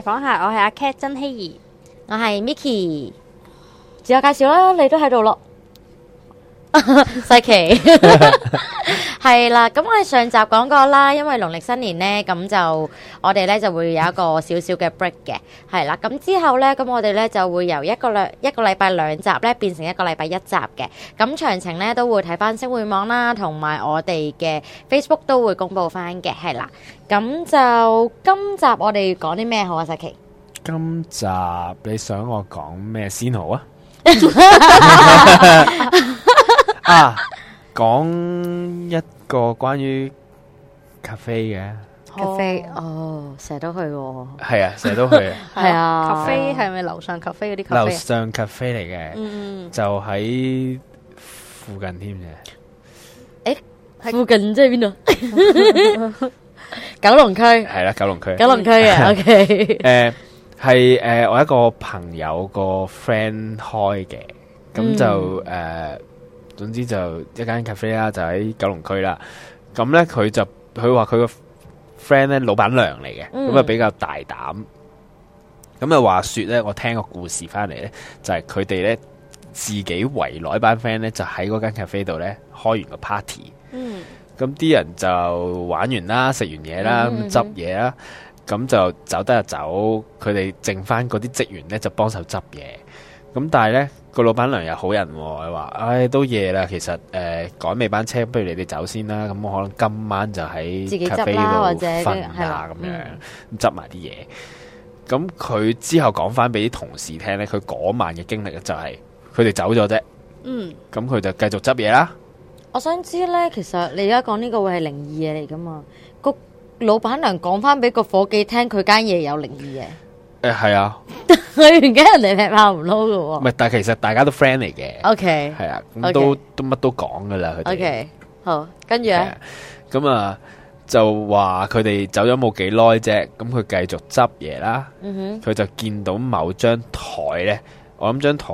房客，我係阿 Cat 珍希兒，我係 Miki，自我介紹啦，你都喺度咯，西奇。係啦，咁我哋上集講過啦，因為農曆新年呢，咁就我哋呢就會有一個小小嘅 break 嘅，係啦，咁之後呢，咁我哋呢就會由一個兩一個禮拜兩集呢變成一個禮拜一集嘅，咁詳情呢都會睇翻星匯網啦，同埋我哋嘅 Facebook 都會公布翻嘅，係啦，咁就今集我哋講啲咩好啊，世琪？今集你想我講咩先好啊？啊！講一個關於咖啡嘅咖啡哦，成日都去，係啊，成日都去，係啊。咖啡係咪樓上咖啡嗰啲？樓上咖啡嚟嘅，嗯，就喺附近添嘅。誒，附近即係邊度？九龍區係啦，九龍區，九龍區嘅。OK，誒，係誒，我一個朋友個 friend 開嘅，咁就誒。總之就一間咖啡啦，就喺九龍區啦。咁呢，佢就佢話佢個 friend 咧老闆娘嚟嘅，咁啊，比較大膽。咁啊話說呢，我聽個故事返嚟呢，就係佢哋呢，自己圍內班 friend 呢，就喺嗰間咖啡度呢，開完個 party。嗯。咁啲人就玩完啦，食完嘢啦，咁執嘢啦，咁就走得就走。佢哋剩翻嗰啲職員呢，就幫手執嘢。咁但係咧個，老闆娘又好人，佢話，唉，都夜啦，其實誒，趕尾班車，不如你哋走先啦。咁我可能今晚就喺咖啡度自己執或者瞓啊，咁樣，執埋啲嘢。咁佢之後講翻俾啲同事聽咧，佢嗰晚嘅經歷就係佢哋走咗啫。嗯，咁佢就繼續執嘢啦。我想知咧，其實你而家講呢個會係靈異嘢嚟噶嘛？個老闆娘講翻俾個伙計聽，佢間嘢有靈異嘢。誒，係啊。佢完嘅人哋劈炮唔撈嘅喎，唔係，但係其實大家都 friend 嚟嘅。O K，係啊，咁都 okay, 都乜都講噶、okay, 啊啊、啦。O K，好，跟住咧，咁啊就話佢哋走咗冇幾耐啫，咁佢繼續執嘢啦。嗯哼，佢就見到某張台咧，我諗張台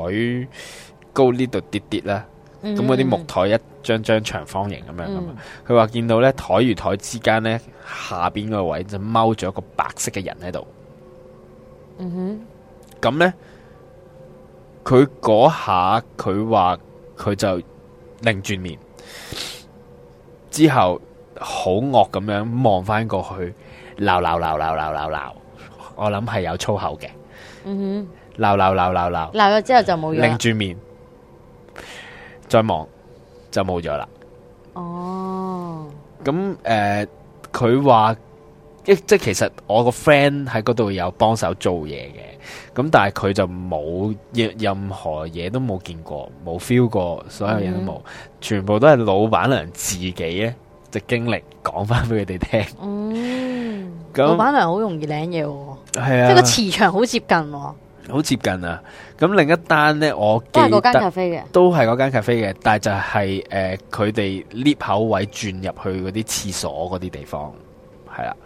高呢度跌,跌跌啦。咁嗰啲木台一張張長方形咁樣噶。佢話見到咧台與台之間咧下邊個位就踎咗一個白色嘅人喺度。嗯哼。咁呢，佢嗰下佢話佢就擰轉面，之後好惡咁樣望返過去，鬧鬧鬧鬧鬧鬧，我諗係有粗口嘅。嗯哼，鬧鬧鬧鬧鬧咗之後就冇咗，擰轉面再望就冇咗啦。哦，咁誒，佢、呃、話。即即其實我個 friend 喺嗰度有幫手做嘢嘅，咁但係佢就冇任何嘢都冇見過，冇 feel 過，所有嘢都冇，全部都係老闆娘自己嘅嘅經歷講翻俾佢哋聽。哦、嗯，那老闆娘好容易領嘢喎，係啊，即個磁場好接近喎，好接近啊。咁、啊、另一單呢，我記得都係嗰間咖啡嘅，都係嗰間咖啡嘅，但係就係誒佢哋 lift 口位轉入去嗰啲廁所嗰啲地方。係啦，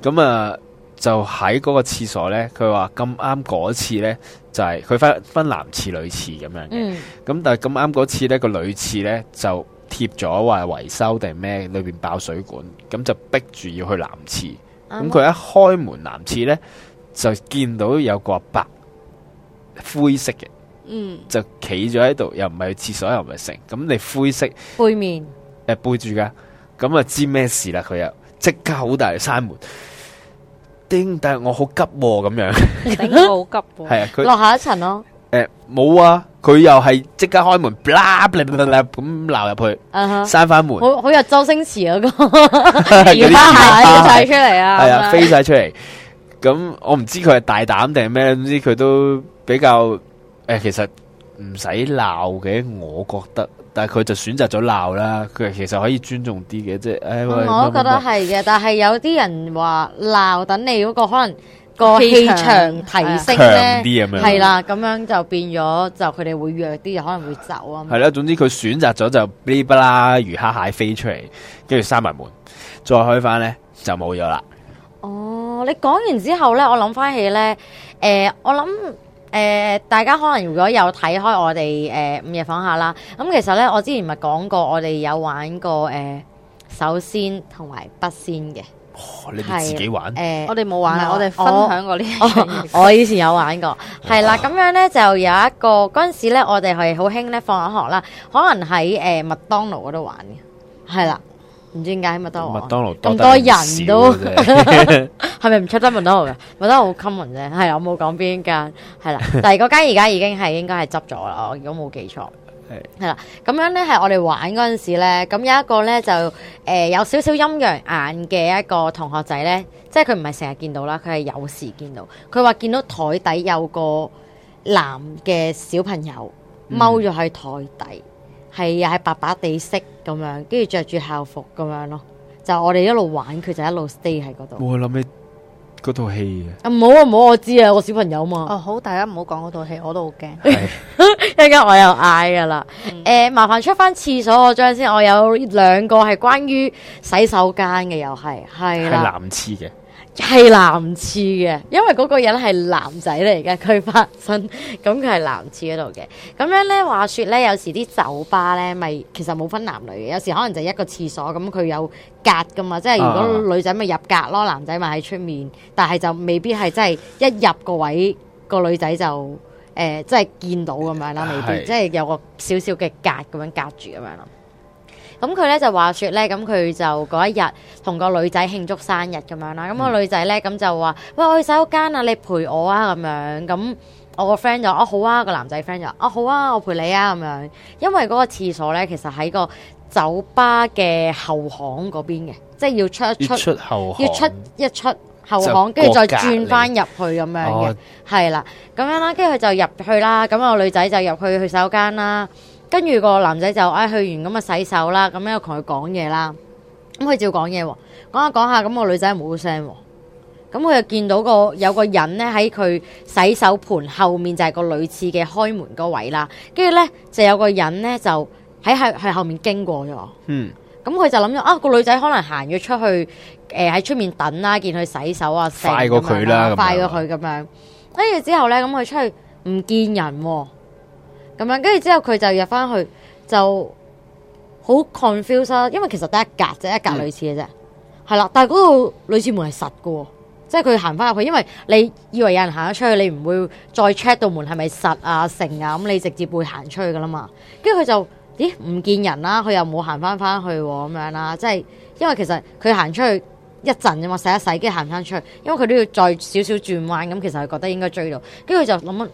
咁啊、嗯嗯嗯、就喺嗰個廁所呢。佢話咁啱嗰次呢，就係佢分分男廁女廁咁樣嘅，咁但係咁啱嗰次呢，個女廁呢，就貼咗話維修定咩，裏邊爆水管，咁就逼住要去男廁。咁佢一開門男廁呢，就見到有個白灰色嘅、嗯，嗯，就企咗喺度，又唔係去廁所又唔係成，咁你灰色背面、呃、背住噶，咁啊知咩事啦佢又？即刻好大嘅閂門，叮！但係我好急咁樣，好急係啊，落下一層咯。誒，冇啊，佢又係即刻開門，咁鬧入去，閂翻門，好似周星馳嗰個，移翻下，飛出嚟啊，係啊，飛晒出嚟。咁我唔知佢係大膽定咩，總之佢都比較誒，其實唔使鬧嘅，我覺得。但係佢就選擇咗鬧啦，佢其實可以尊重啲嘅，即係誒。我都覺得係嘅，但係有啲人話鬧等你嗰個可能個氣場提升咧，係啦的，咁的樣就變咗就佢哋會弱啲，可能會走啊。係啦，總之佢選擇咗就嗶哩啦魚蝦蟹飛出嚟，跟住閂埋門，再開翻咧就冇咗啦。哦，你講完之後咧，我諗翻起咧，誒、呃，我諗。呃我誒、呃，大家可能如果有睇開我哋誒午夜訪·嚇啦，咁、嗯、其實咧我之前咪講過，我哋有玩過誒、呃、手仙同埋筆仙嘅，你自己玩？誒，呃、我哋冇玩啦，玩我哋分享過呢，我以前有玩過，係 啦，咁樣咧就有一個嗰陣時咧，我哋係好興咧放學啦，可能喺誒麥當勞嗰度玩嘅，係啦。唔知點解麥當勞咁多人都係咪唔出得麥當勞嘅？麥當勞好 common 啫，係啦，我冇講邊間，係啦。但係嗰間而家已經係應該係執咗啦，如果冇記錯係啦。咁 樣咧係我哋玩嗰陣時咧，咁有一個咧就誒、呃、有少少陰陽眼嘅一個同學仔咧，即係佢唔係成日見到啦，佢係有時見到。佢話見到台底有個男嘅小朋友踎咗喺台底。嗯嗯係又係白白地色咁樣，跟住着住校服咁樣咯，就我哋一路玩，佢就一路 stay 喺嗰度。冇諗起嗰套戲啊！唔好啊，唔好，我知啊，我小朋友嘛。哦，好，大家唔好講嗰套戲，我都好驚。一陣是 我又嗌噶啦，誒、嗯呃，麻煩出翻廁所我張先，我有兩個係關於洗手間嘅，又係係啦，男廁嘅。係男廁嘅，因為嗰個人係男仔嚟嘅。佢發生，咁佢係男廁嗰度嘅。咁樣咧，話說咧，有時啲酒吧咧，咪其實冇分男女嘅，有時可能就一個廁所咁，佢有隔噶嘛，即係如果女仔咪入格咯，啊啊啊男仔咪喺出面，但係就未必係真係一入個位個女仔就誒、呃，即係見到咁樣啦，未必是即係有個少少嘅隔咁樣隔住咁樣咯。咁佢咧就話説咧，咁佢就嗰一日同個女仔慶祝生日咁樣啦。咁個女仔咧咁就話：喂，我去洗手間啊，你陪我啊咁樣。咁我個 friend 就哦，好啊，個男仔 friend 就哦，好啊，我陪你啊咁樣。因為嗰個廁所咧，其實喺個酒吧嘅後巷嗰邊嘅，即係要出一出後巷，要出一出後巷，跟住再轉翻入去咁樣嘅，係啦、哦。咁樣啦，跟住佢就入去啦。咁個女仔就入去去洗手間啦。跟住個男仔就哎去完咁啊洗手啦，咁樣又同佢講嘢啦，咁佢照講嘢喎，講下講下咁個女仔冇聲，咁佢就見到個有個人咧喺佢洗手盆後面就係個女廁嘅，開門個位啦，跟住咧就有個人咧就喺喺喺後面經過咗，嗯，咁佢就諗咗：「啊，個女仔可能行咗出去誒，喺出面等啦，見佢洗手啊，快過佢啦，快過佢咁樣，跟住之後咧咁佢出去唔見人。咁樣，跟住之後佢就入翻去，就好 confuse，因為其實得一格即一格類似嘅啫，係啦、嗯。但係嗰度類似門係實嘅，即係佢行翻入去，因為你以為有人行咗出去，你唔會再 check 到門係咪實啊、成啊，咁你直接會行出去嘅啦嘛。跟住佢就，咦？唔見人啦、啊，佢又冇行翻翻去咁、啊、樣啦，即係因為其實佢行出去一陣啫嘛，洗一洗，跟住行翻出去，因為佢都要再少少轉彎，咁其實佢覺得應該追到，跟住佢就諗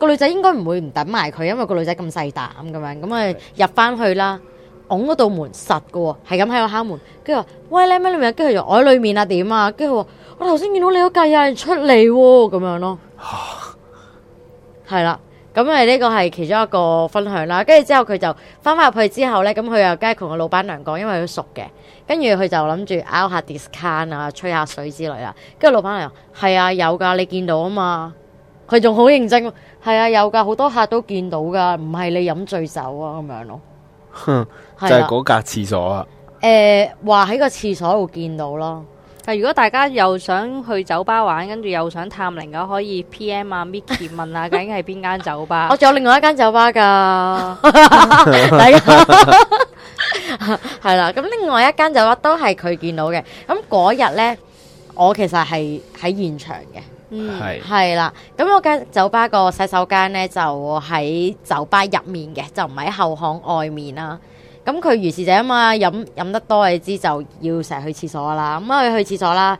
個女仔應該唔會唔等埋佢，因為個女仔咁細膽咁樣咁啊入翻去啦，拱嗰道門實噶，係咁喺度敲門。跟住話喂，你咩里跟住機喺裏面啊？點啊？跟住我頭先見到你嗰架有人出嚟咁、啊、樣咯，係啦。 咁啊呢個係其中一個分享啦。跟住之後佢就翻翻入去之後咧，咁佢又梗係同個老闆娘講，因為佢熟嘅。跟住佢就諗住拗下 discount 啊，吹下水之類啦。跟住老闆娘，係啊，有噶，你見到啊嘛。佢仲好認真。係啊，有噶，好多客都見到噶，唔係你飲醉酒啊咁樣咯， 啊、就係嗰格廁所啊。誒、呃，話喺個廁所度見到咯。但如果大家又想去酒吧玩，跟住又想探靈嘅，可以 P、啊、M 啊 Micky 問啊，究竟係邊間酒吧？ 我仲有另外一間酒吧噶，係啦。咁另外一間酒吧都係佢見到嘅。咁嗰日呢，我其實係喺現場嘅。嗯，係啦，咁我間酒吧個洗手間咧就喺酒吧入面嘅，就唔喺後巷外面啦。咁佢如是者啊嘛，飲飲得多你知就要成日去廁所噶啦。咁啊佢去廁所啦，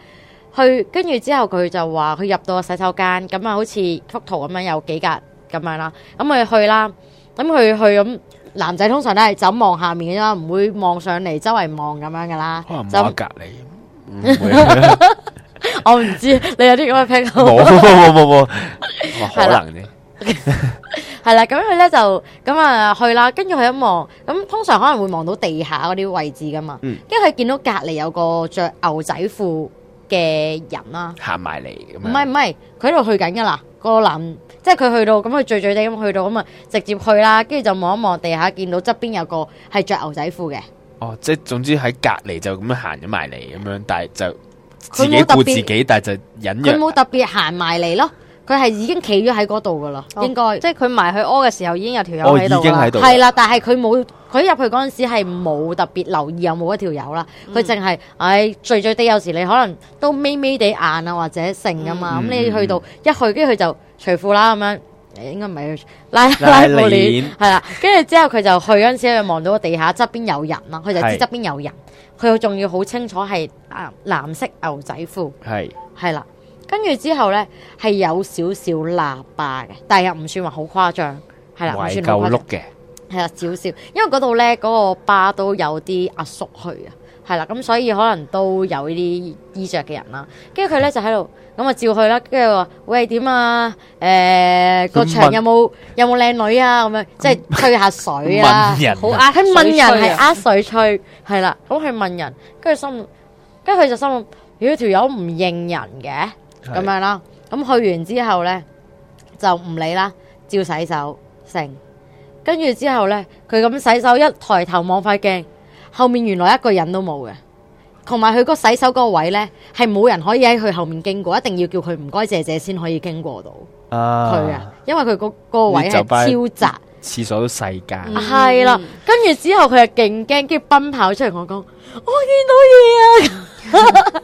去跟住之後佢就話佢入到個洗手間，咁啊好似幅圖咁樣有幾格咁樣啦。咁佢去啦，咁佢去咁男仔通常都係走望下面噶啦，唔會望上嚟周圍望咁樣噶啦。可能隔離，就隔籬。我唔知，你有啲咁嘅癖好。冇，冇，冇，唔，可能啫。係啦，咁佢咧就咁啊去啦，跟住佢一望，咁通常可能會望到地下嗰啲位置噶嘛。嗯，跟住佢見到隔籬有個着牛仔褲嘅人啦，行埋嚟。唔係唔係，佢喺度去緊噶啦，個男，即係佢去到咁，佢最最地咁去到咁啊，直接去啦。跟住就望一望地下，見到側邊有個係着牛仔褲嘅。哦，即係總之喺隔籬就咁樣行咗埋嚟咁樣，但係就。自己顧自己，佢冇特別，但係就隱約。佢冇特別行埋嚟咯，佢係已經企咗喺嗰度噶啦，哦、應該。即係佢埋去屙嘅時候已經有條友喺度啦，係啦、哦。但係佢冇，佢入去嗰陣時係冇特別留意有冇一條友啦。佢淨係，唉，醉醉哋有時你可能都眯眯地眼啊，或者剩啊嘛。咁、嗯、你去到、嗯、一去，跟住佢就除褲啦咁樣。應該唔係拉拉布簾，係啦， 跟住之後佢就去嗰陣時，佢望到個地下側邊有人啦，佢就知側邊有人，佢仲的要好清楚係啊、呃、藍色牛仔褲，係係啦，跟住之後咧係有少少喇叭嘅，但係又唔算話好誇張，係啦，唔算好誇張嘅，係啊喂的，少少，因為嗰度咧嗰個巴都有啲阿叔去啊。係啦，咁所以可能都有呢啲衣着嘅人啦。跟住佢咧就喺度，咁啊照去啦。跟住話喂點啊，誒個場有冇有冇靚女啊？咁樣即係吹下水啊，好啊。佢問人係呃水吹，係啦。咁去問人，跟住心，跟住佢就心諗，如果條友唔認人嘅咁樣啦。咁去完之後咧就唔理啦，照洗手成。跟住之後咧，佢咁洗手，一抬頭望塊鏡。後面原來一個人都冇嘅，同埋佢個洗手嗰個位呢，係冇人可以喺佢後面經過，一定要叫佢唔該謝謝先可以經過到。啊，佢啊，因為佢個個位係超窄，廁所都細噶。係啦，嗯，跟住之後佢係勁驚，跟住奔跑出嚟我講，我，我見到嘢啊！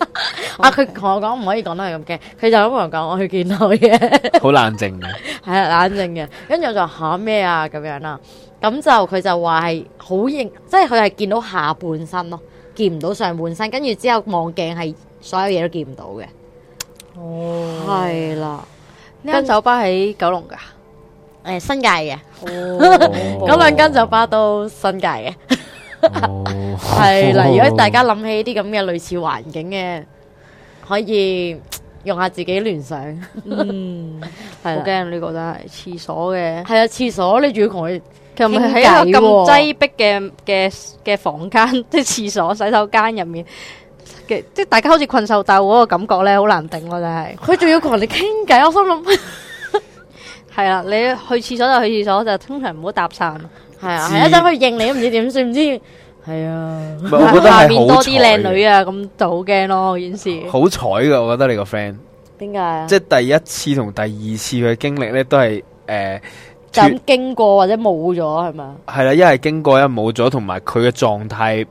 Okay. 啊，佢同我講唔可以講得係咁驚，佢就咁同我講我去見到嘢。好 冷靜嘅。係 啊，冷靜嘅。跟住我就喊咩啊咁、啊、樣啦。咁就佢就話係好認，即係佢係見到下半身咯，見唔到上半身，跟住之後望鏡係所有嘢都見唔到嘅。哦，係啦。呢間酒吧喺九龍噶，誒，新界嘅。哦，咁兩間酒吧都新界嘅。哦，係啦。如果大家諗起啲咁嘅類似環境嘅，可以用下自己聯想。嗯，好驚，你覺得係廁所嘅？係啊，廁所你仲要同佢。佢咪喺一個咁擠逼嘅嘅嘅房間，即係廁所、洗手間入面嘅，即係大家好似困獸鬥嗰個感覺咧，好難頂咯，真係。佢仲要同人哋傾偈，我心諗係啦。你去廁所就去廁所，就通常唔好搭訕。係啊，一陣去應你都唔知點算，唔知係啊。下邊多啲靚女啊，咁就好驚咯，件事。好彩噶，我覺得你個 friend。點解啊？即係第一次同第二次嘅經歷咧，都係誒。咁經過或者冇咗係咪？係啦，一係經過，一冇咗，同埋佢嘅狀態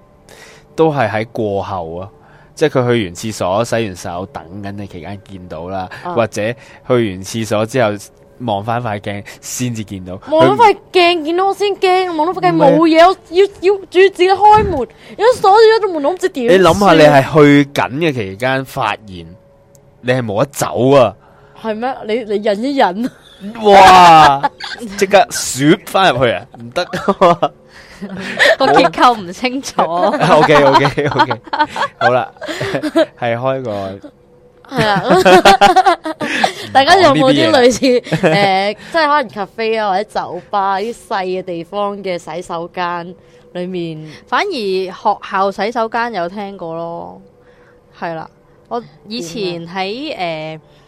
都係喺過後啊，即係佢去完廁所、洗完手，等緊你期間見到啦，啊、或者去完廁所之後望翻塊鏡先至見到。望到塊鏡見到我先驚，望到塊鏡冇嘢，啊、我要要自己開門，而家鎖咗咗個門，我唔知點、啊。你諗下，你係去緊嘅期間發現，你係冇得走啊？係咩？你你忍一忍。哇！即刻雪翻入去啊，唔得個結構唔清楚。OK OK OK，好啦，係開個係啊， 大家有冇啲類似誒、 呃，即係可能咖啡啊或者酒吧啲細嘅地方嘅洗手間裏面， 反而學校洗手間有聽過咯，係啦，我以前喺誒。呃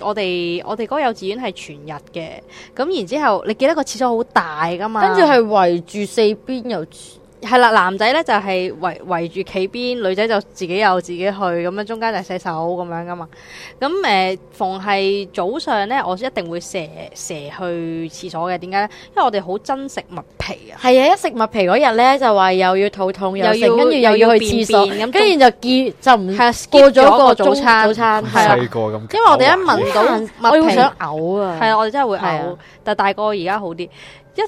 我哋我哋嗰幼稚園係全日嘅，咁然之後，你記得個廁所好大㗎嘛？跟住係圍住四邊又。係啦，男仔咧就係圍圍住企邊，女仔就自己有自己去，咁樣中間就洗手咁樣噶嘛。咁誒，逢係早上咧，我一定會蛇蛇去廁所嘅。點解咧？因為我哋好憎食麥皮啊。係啊，一食麥皮嗰日咧，就話又要肚痛，又要跟住又要去廁所，咁跟住就結就唔係過咗個早餐。係啊，細個咁，因為我哋一聞到麥皮會想嘔啊。係啊，我哋真係會嘔，但係大個而家好啲一。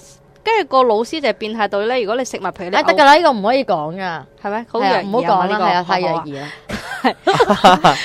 跟住個老師就變態到咧，如果你食物譬你，得噶啦！呢個唔可以講噶，係咪嗎好懸若疑唔好講啦，係啊、這個，這個、太懸疑啦。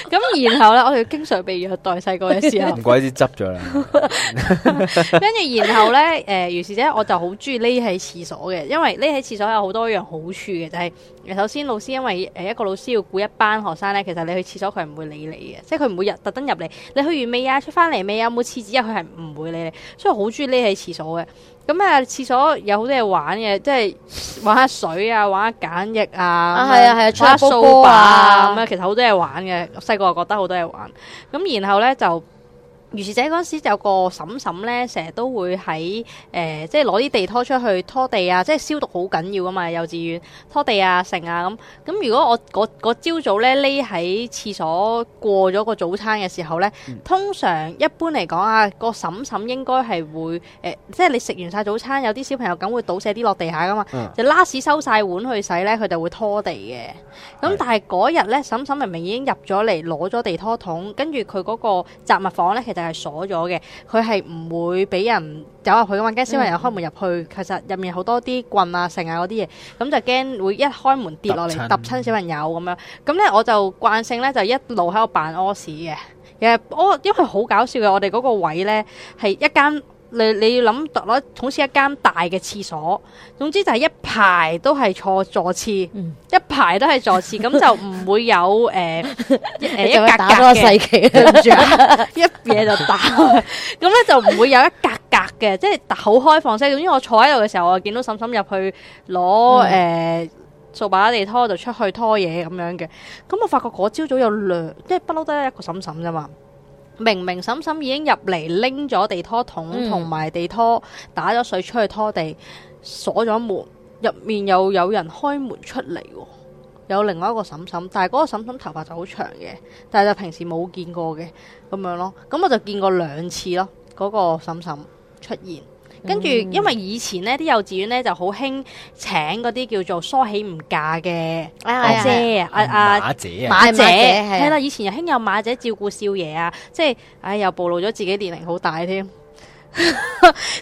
咁然後咧，我哋經常被虐待細個嘅時候，唔鬼知執咗啦。跟住然後咧，誒於是者我就好中意匿喺廁所嘅，因為匿喺廁所有好多樣好處嘅，就係、是、首先老師因為誒一個老師要顧一班學生咧，其實你去廁所佢唔會理你嘅，即係佢唔會入特登入嚟。你去完未啊？出翻嚟未啊？有冇廁紙啊？佢係唔會理你，所以好中意匿喺廁所嘅。咁、嗯、啊，廁所有好多嘢玩嘅，即係玩下水啊，玩下簡易啊，係啊係啊，搓下掃把啊，咁樣啊，其實好多嘢玩嘅。細個又覺得好多嘢玩，咁、嗯、然後咧就。如是者嗰陣時有個嬸嬸咧，成日都會喺誒、呃，即係攞啲地拖出去拖地啊！即係消毒好緊要啊嘛，幼稚園拖地啊，成啊咁。咁如果我朝、嗰個、早咧，匿喺廁所過咗個早餐嘅時候咧，嗯、通常一般嚟講啊，個嬸嬸應該係會誒、呃，即係你食完晒早餐，有啲小朋友梗會倒瀉啲落地下噶嘛，嗯、就拉屎收晒碗去洗咧，佢就會拖地嘅。咁但係嗰日咧，嬸嬸明明已經入咗嚟攞咗地拖桶，跟住佢嗰個雜物房咧，其實、就、～、是係鎖咗嘅，佢係唔會俾人走入去噶嘛，驚小朋友開門入去，其實入面好多啲棍啊、繩啊嗰啲嘢，咁就驚會一開門跌落嚟，揼親小朋友咁樣。咁咧我就慣性咧就一路喺度扮屙屎嘅，其實屙，因為好搞笑嘅，我哋嗰個位咧係一間。你你要諗攞，總之一間大嘅廁所，總之就係一排都係坐坐廁，嗯、一排都係坐廁，咁就唔會有誒誒、呃、一格格嘅，對唔住，一嘢就打，咁咧就唔會有一格格嘅，即係好開放式。總之我坐喺度嘅時候，我見到嬸嬸入去攞誒掃把地拖，就出去拖嘢咁樣嘅。咁我發覺嗰朝早有兩，即係不嬲都係一個嬸嬸咋嘛。明明嬸嬸已經入嚟拎咗地拖桶同埋地拖，打咗水出去拖地，鎖咗門，入面又有人開門出嚟，有另外一個嬸嬸，但係嗰個嬸嬸頭髮就好長嘅，但係就平時冇見過嘅，咁樣咯，咁我就見過兩次咯，嗰個嬸嬸出現。跟住，因為以前咧啲幼稚園咧就好興請嗰啲叫做梳起唔嫁嘅阿姐啊，阿阿馬姐啊，馬姐係啦。以前又興有馬姐照顧少爺啊，即係唉，又暴露咗自己年齡好大添。佢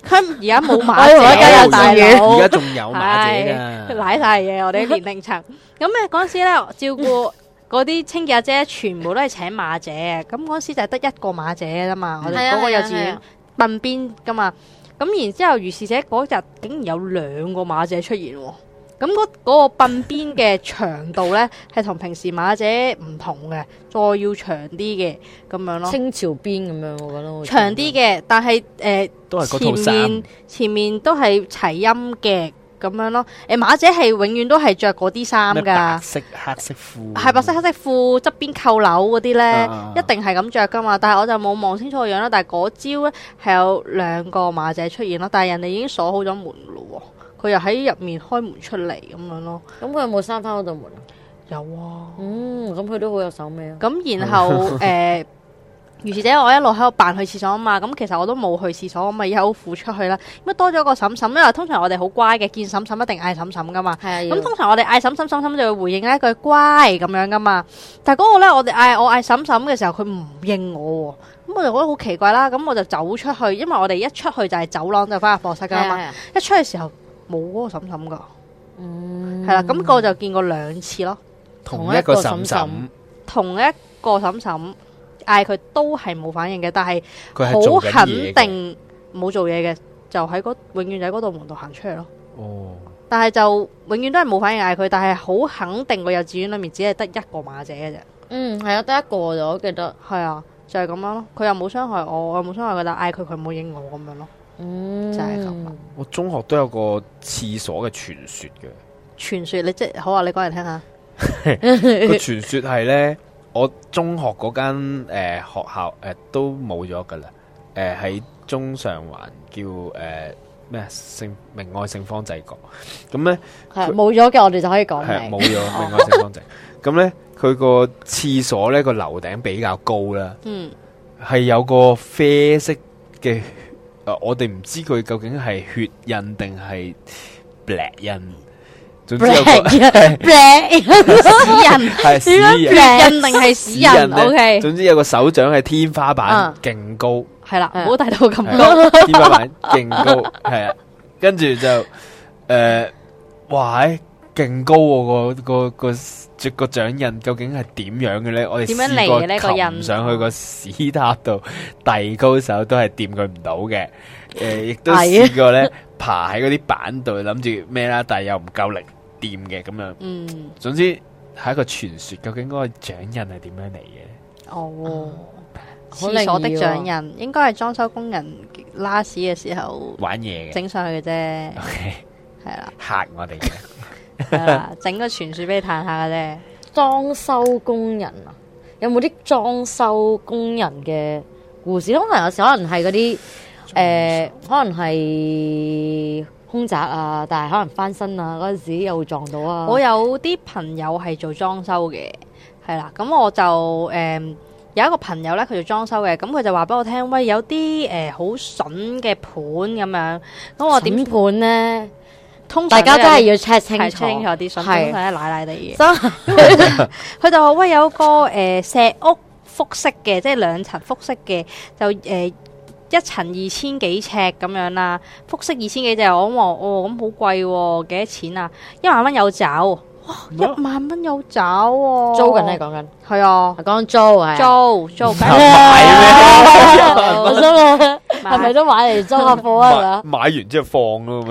而家冇馬姐，而家有少爺，而家仲有馬姐啊，奶晒嘢。我哋年齡層咁咧嗰陣時咧，照顧嗰啲清潔阿姐全部都係請馬姐。咁嗰陣時就係得一個馬姐啦嘛。我哋嗰個幼稚園邊邊噶嘛。咁然之後，如是者嗰日竟然有兩個馬姐出現喎。咁嗰嗰個鬢邊嘅長度呢，係同 平時馬姐唔同嘅，再要長啲嘅咁樣咯。清朝邊咁樣，我覺得會長啲嘅，但係誒、呃、前面前面都係齊音嘅。咁樣咯，誒馬姐係永遠都係着嗰啲衫㗎，白色黑色褲，係白色黑色褲側邊扣紐嗰啲咧，啊、一定係咁着㗎嘛。但係我就冇望清楚個樣啦。但係嗰朝咧係有兩個馬姐出現啦，但係人哋已經鎖好咗門啦喎，佢又喺入面開門出嚟咁樣咯。咁佢有冇閂翻嗰道門啊？有啊。嗯，咁佢都好有手尾啊。咁然後誒。 呃如是者，我一路喺度扮去廁所啊嘛，咁、嗯、其實我都冇去廁所，嘛，咪喺好扶出去啦。咁多咗個嬸嬸，因為通常我哋好乖嘅，見嬸嬸一定嗌嬸嬸噶嘛。咁、啊、通常我哋嗌嬸嬸嬸嬸就會回應一句乖咁樣噶嘛。但係嗰個咧，我哋嗌我嗌嬸嬸嘅時候，佢唔應我，咁、嗯、我就覺得好奇怪啦。咁、嗯、我就走出去，因為我哋一出去就係走廊就翻入課室噶嘛。啊啊、一出去時候冇嗰個嬸嬸噶，嗯，係啦、啊。咁、那、我、個、就見過兩次咯，同一個嬸嬸，同一個嬸嬸。嗌佢都係冇反應嘅，但係佢好肯定冇做嘢嘅、啊，就喺嗰永遠就喺嗰度門度行出嚟咯。哦！但係就永遠都係冇反應嗌佢，但係好肯定個幼稚園裏面只係得一個馬姐嘅啫。嗯，係啊，得一個我記得係啊，就係、是、咁樣咯。佢又冇傷害我，我冇傷害佢，但嗌佢佢冇應我咁樣咯。嗯就咯，就係咁。我中學都有個廁所嘅傳說嘅傳說，你即係好啊！你講嚟聽下佢傳說係咧。我中學嗰間誒學校誒、呃、都冇咗噶啦，誒、呃、喺中上環叫誒咩聖明愛聖方濟各，咁咧係冇咗嘅，我哋就可以講明冇咗明愛聖方濟。咁咧佢個廁所咧個樓頂比較高啦，嗯，係有個啡色嘅誒、呃，我哋唔知佢究竟係血印定係白印。總之有個屎人，係屎人定係屎人咧？總之有個手掌係天花板，勁高係啦，好大到咁高。天花板勁高係啊，跟住就誒，哇！勁高個個個個掌印究竟係點樣嘅咧？我哋試過投唔上去個屎塔度，遞高手都係掂佢唔到嘅。誒，亦都試過咧，爬喺嗰啲板度諗住咩啦，但係又唔夠力。掂嘅咁樣，嗯，總之係一個傳說，究竟嗰個掌印係點樣嚟嘅？哦，廁所的掌印應該係裝修工人拉屎嘅時候玩嘢嘅整上去嘅啫，係啦，吓我哋嘅，係啦，整個傳說俾你彈下嘅啫。裝修工人啊，有冇啲裝修工人嘅故事？通常有時可能係嗰啲，誒，可能係。空宅啊，但係可能翻新啊，嗰陣時又會撞到啊。我有啲朋友係做裝修嘅，係啦，咁我就誒有一個朋友咧，佢做裝修嘅，咁佢就話俾我聽，喂，有啲誒好筍嘅盤咁樣，咁我點盤咧？通常大家真係要 check 清，check 清楚啲，係唔係奶奶哋嘢？佢就話喂，有個誒石屋複式嘅，即係兩層複式嘅，就誒。一層二千幾尺咁樣啦，啊，複式二千幾尺，我話哦，咁好貴喎，幾、哦嗯哦、多錢啊？一萬蚊有找？哇！一萬蚊有找？租緊啊講緊，係啊，講緊租係租租。係咪買都買嚟租下貨啊？買完之後放咯，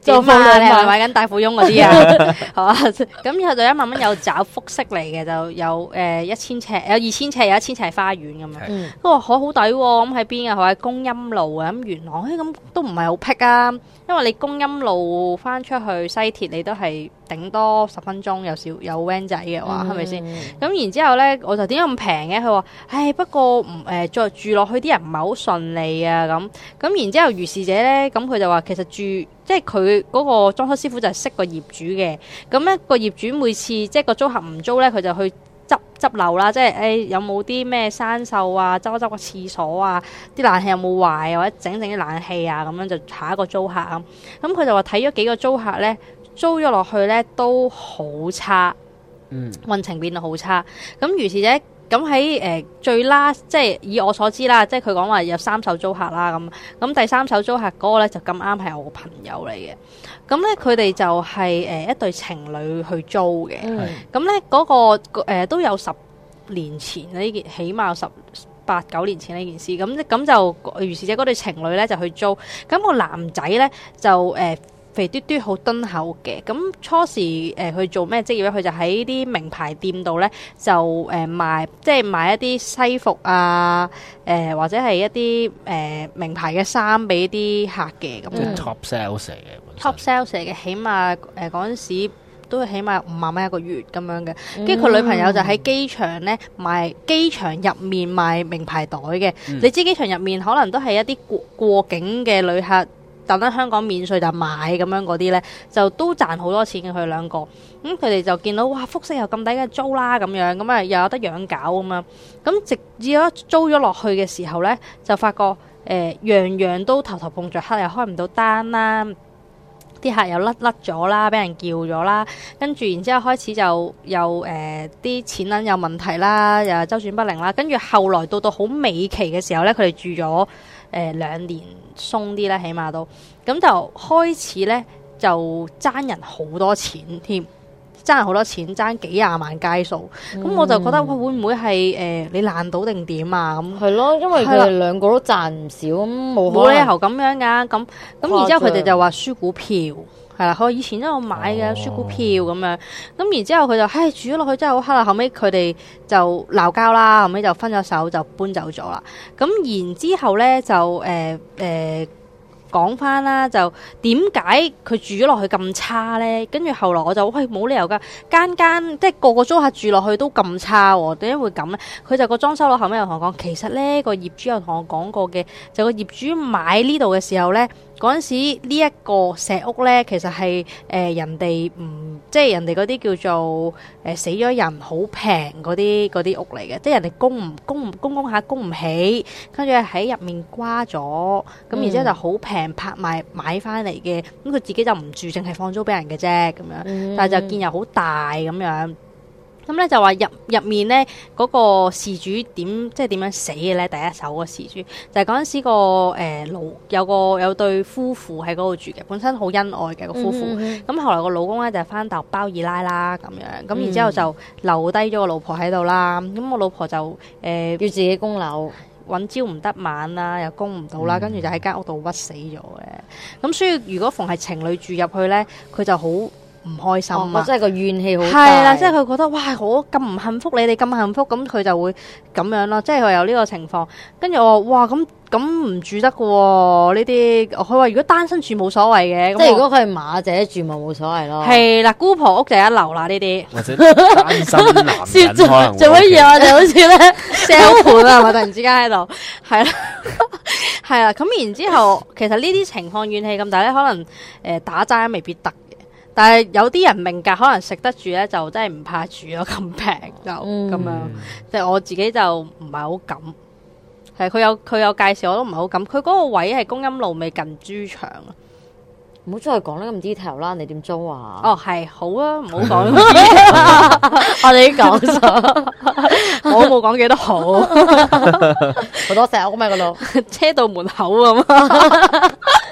做翻你係買緊大富翁嗰啲 啊，係嘛？咁然後就一萬蚊有找複式嚟嘅，就有誒一千尺，有二千尺，有一千尺花園咁樣。不的都好好抵喎。咁喺邊啊？喺公音路啊。咁元朗，哎咁都唔係好僻啊。因為你公音路翻出去西鐵，你都係。頂多十分鐘有少有 van 仔嘅話係咪先？咁、嗯、然之後咧，我就點解咁平嘅？佢話，唉，不過唔誒，再、呃、住落去啲人唔係好順利啊！咁咁然之後如是，如是者咧，咁佢就話其實住即係佢嗰個裝修師傅就係識個業主嘅。咁、嗯、咧個業主每次即係個租客唔租咧，佢就去執執漏啦，即係誒、哎、有冇啲咩生鏽啊，執一執個廁所啊，啲冷氣有冇壞啊，或者整整啲冷氣啊，咁樣就查一個租客啊。咁佢就話睇咗幾個租客咧。嗯租咗落去咧都好差，嗯，運程變到好差。咁於是者，咁喺誒最 last，即係以我所知啦，即係佢講話有三手租客啦。咁咁第三手租客嗰個咧就咁啱係我朋友嚟嘅。咁咧佢哋就係誒一對情侶去租嘅。咁咧嗰個、呃、都有十年前呢件，起碼有十八九年前呢件事。咁咁就於是者嗰對情侶咧就去租，咁、嗰個男仔咧就誒。呃肥嘟嘟好敦厚嘅，咁初時誒佢、呃、做咩職業咧？佢就喺啲名牌店度咧，就誒、呃、賣，即係賣一啲西服啊，誒、呃、或者係一啲誒、呃、名牌嘅衫俾啲客嘅咁。即係、嗯、top sales 嚟嘅，top sales 嚟嘅，起碼誒嗰陣時都起碼五萬蚊一個月咁樣嘅。跟住佢女朋友就喺、嗯、機場咧賣，機場入面賣名牌袋嘅。嗯、你知機場入面可能都係一啲過過境嘅旅客。等喺香港免稅就買咁樣嗰啲咧，就都賺好多錢嘅佢兩個。咁佢哋就見到哇，複式又咁低嘅租啦，咁樣咁啊又有得養狗咁啊。咁、嗯、直至咗租咗落去嘅時候咧，就發覺誒、呃、樣樣都頭頭碰着黑，又開唔到單啦。啲客又甩甩咗啦，俾人叫咗啦，跟住然之後開始就又誒啲、呃、錢銀有問題啦，又周轉不靈啦，跟住後來到到好尾期嘅時候咧，佢哋住咗誒、呃、兩年鬆啲啦，起碼都咁就開始咧就爭人好多錢添。爭好多錢，爭幾廿萬街數，咁、嗯、我就覺得會唔會係誒、呃、你爛賭定點啊？咁係咯，了因為佢哋兩個都賺唔少，冇冇了理由咁樣噶、啊。咁咁然之後佢哋就話輸股票，係啦，我以前都有買嘅，輸股票咁樣。咁然、哦、之後佢就唉、哎，住咗落去，真係好黑啦。後尾佢哋就鬧交啦，後尾就分咗手，就搬走咗啦。咁然之後咧就誒誒。呃呃講翻啦，就點解佢住咗落去咁差呢？跟住後來我就喂，冇理由㗎，間間即係個個租客住落去都咁差喎、哦，點解會咁呢？」佢就個裝修佬後尾又同我講，其實呢個業主又同我講過嘅，就個業主買呢度嘅時候呢。」嗰陣時，呢一個石屋咧，其實係誒、呃、人哋唔即係人哋嗰啲叫做誒、呃、死咗人好平嗰啲嗰啲屋嚟嘅，即係人哋供唔供唔供供下供唔起，跟住喺入面瓜咗，咁然之後就好平拍賣買翻嚟嘅，咁佢自己就唔住，淨係放租俾人嘅啫咁樣，但係就見又好大咁樣。咁咧、嗯、就話入入面咧嗰、嗰個事主點即係點樣死嘅咧？第一手個事主就係嗰陣時個老、呃、有個有對夫婦喺嗰度住嘅，本身好恩愛嘅個夫婦。咁、嗯嗯、後來個老公咧就翻大陸包二奶啦，咁樣咁然之後就留低咗個老婆喺度啦。咁我老婆就誒、呃、要自己供樓，揾朝唔得晚啦，又供唔到啦，嗯、跟住就喺間屋度屈死咗嘅。咁所以如果逢係情侶住入去咧，佢就好。唔開心啊！即係個怨氣好大，係啦，即係佢覺得哇，我咁唔幸福，你哋咁幸福，咁佢就會咁樣咯，即係佢有呢個情況。跟住我話哇，咁咁唔住得嘅喎呢啲。佢話如果單身住冇所謂嘅，即係如果佢係馬姐住咪冇所謂咯。係啦，姑婆屋就一流啦呢啲。或者單身男人可能做乜嘢啊？就好似咧 sell 盤啊！我突然之間喺度，係啦，係啦。咁然之後，其實呢啲情況怨氣咁大咧，可能誒打齋未必得。但係有啲人命格可能食得住咧，就真係唔怕住咗咁平就咁樣。即係我自己就唔係好敢。係佢有佢有介紹，我都唔係好敢。佢嗰個位係公庵路尾近豬場啊！唔好再講啦，唔知頭啦，你點租啊？哦，係好啊，唔好講。我哋講咗，我冇講幾多好。好多石屋咩嗰度，車到門口咁。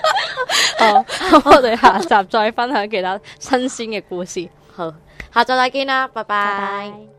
我哋下集再分享其他新鮮嘅故事。好，下集再見啦，拜拜。Bye bye